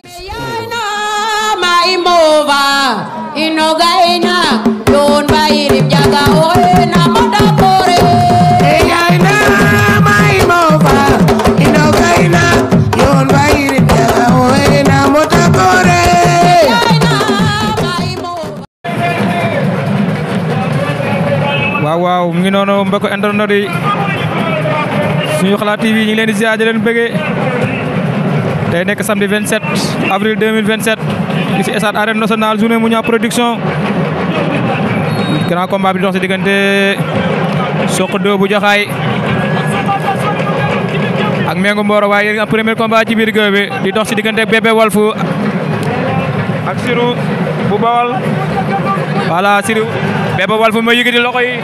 waaw waaw mu ngi noonu mbokk internet yi suñu xalaat TV ngi leen di ziar di day nekk samedi 27 avril 2027 fii ci stade arène nationale journée Mouniang production grand combat bi ci diggante Sokh 2 bu Jaxaay ak Mengu Mboro waaye yéen premier combat ci biir géew bi di dox ci diggante Bébé Walfu ak Sirou bu Bawal voilà Sirou Bébé Walfu ma yëgiti loxo yi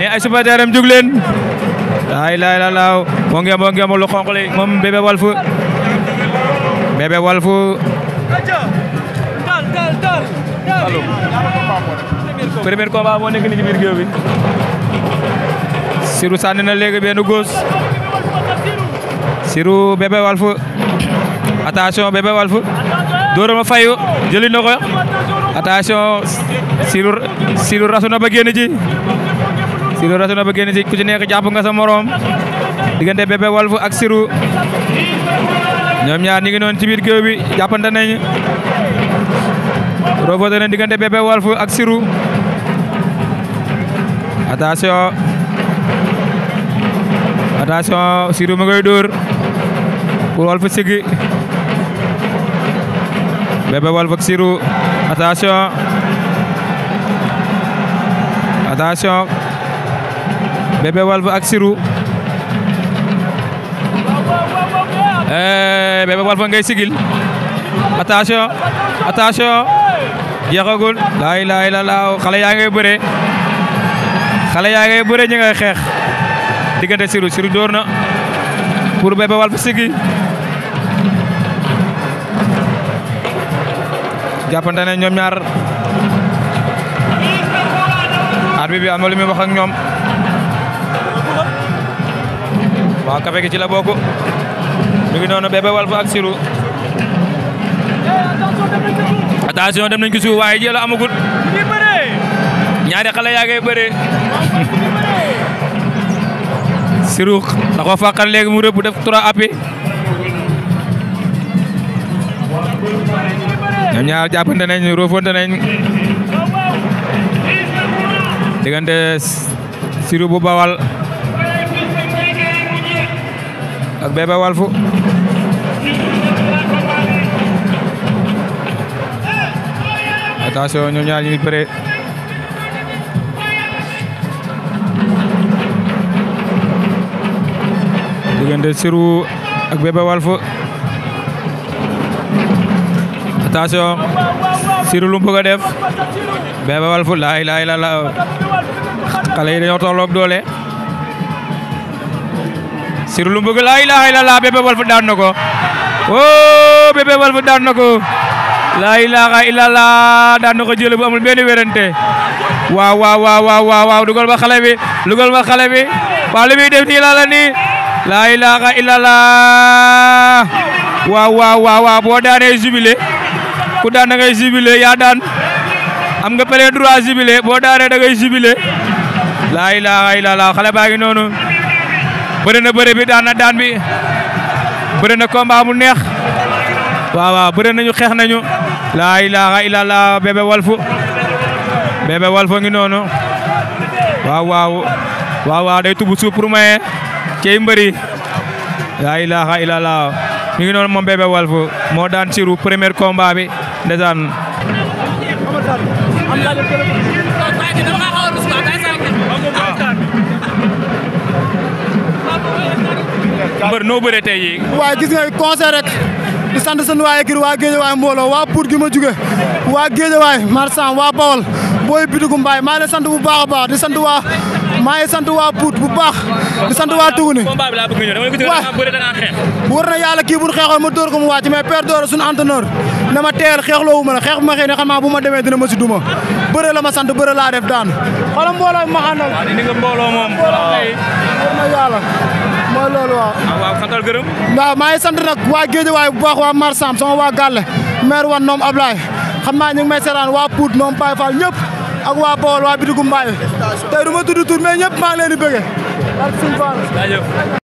ne ay supporteram jug leen ay laay la moo ngi moo ngi lu xonq li moom Bébé Walfu Bébé Walf premier combat moo nekk ni ci biir géew bi Sirou sànni na léegi benn goos Sirou Bébé Walf attention Bébé Walf dóoram a fayu jëli na ko attention Sirou Sirou ba génn ci Sirou na ba génn ci ku ci nekk jàpp nga sa morom diggante Bébé Walf ak Sirou ñoom ñaar ñu ngi noonu ci biir géew bi jàppante nañ rofote na diggante Bébé Walf ak Sirou attention attention Sirou ma koy dóor pour Walf sigi Bébé Walf ak Sirou attention attention Bébé Walf ak Sirou Bébé Walfa ngay sigil attention attention jeexagul laa ilaaha illallaah xale yaa ngay bare xale yaa ngay bëre ñi ngay xeex diggante siru siru dóor na pour Bébé Walfa sigi jàppante ne ñoom ñaar arbitre bi am na wax ak ñoom waa kafe gi ci la bokk mi ngi noonu Bébé Walf ak Sirou attention dem nañ ko suuf waaye jël amagut ñaari xale yaa ngi bëre Sirou da ko fàqal léegi mu rëbb def trois appi ñoom ñaar jàppante nañ roofante nañ diggante Sirou bu Bawal ak bébé walfu attention ñoom ñaar ñu ngi bëre diggante Sirou ak bébé walfu attention Sirou lu mu bëgg a def bébé walfu laay laay la la xale yi dañoo tolloog doole siru lu mbëgg laa ilaaha illallaah Bébé Wolf daan na ko oh Bébé Wolf daan na ko laa ilaaha illallaah daan na ko amul benn wérante waaw waaw waaw waaw waaw waaw boo daanee jubilé ku daan da yaa daan am nga période droit jubilé boo daanee da ngay laa ilaaha illallaah xale baa ngi noonu. bëri na bëri bi daan na bëri na combat mu neex waaw waaw nañu xeex nañu laa ilaaha illallah bébé walfu bébé walfu ngi noonu waaw waaw waaw waaw day tubu suuf pour cey mbëri laa ilaaha illallah mi ngi noonu moom bébé walfu moo daan siru premier combat bi mbër noo bëree tey waaye gis nga conseil rek di sant seen waa écurie waa Géejawaay mbooloo waa Pout gi ma jóge waa Géejawaay Marsan waa Bawol booy bitigu mbaay maa leen sant bu baax a baax di sant waa maa ngi sant waa Pout bu baax di sant waa Tuguni waaw war na yàlla kii bu ma dóor ko mu wàcc mais père doore suñu entraîneur na ma teel xeexloo wu ma la xeex bu ma xëy ne xam naa bu ma demee dina ma si duma bëre la ma sant bëre laa def daan xoolal mbooloo ma àndal. mooy loolu waaw. ah maa ngi sant nag waa Géejawaay bu baax waa Marsam sama waa Gàlle maire wan noom Ablaye xam naa ñu ngi may seetaan waa Pout noom Baye Fall ñëpp ak waa Bawol waa Bidigou Mbaye tey du ma tudd tur mais ñëpp maa ngi leen